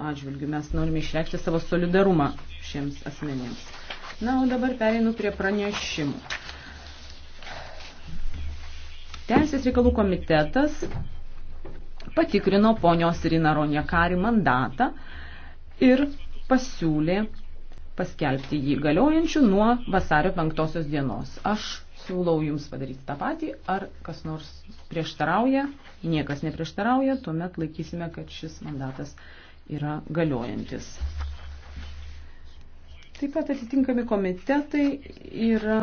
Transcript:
atžvilgių. Mes norime išreikšti savo solidarumą šiems asmenėms. Na, o dabar pereinu prie pranešimų. Teisės reikalų komitetas patikrino ponios Rina Ronjakari mandatą ir pasiūlė paskelbti jį galiojančių nuo vasario penktosios dienos. Aš siūlau jums padaryti tą patį, ar kas nors prieštarauja, niekas neprieštarauja, tuomet laikysime, kad šis mandatas yra galiojantis. Taip pat atitinkami komitetai yra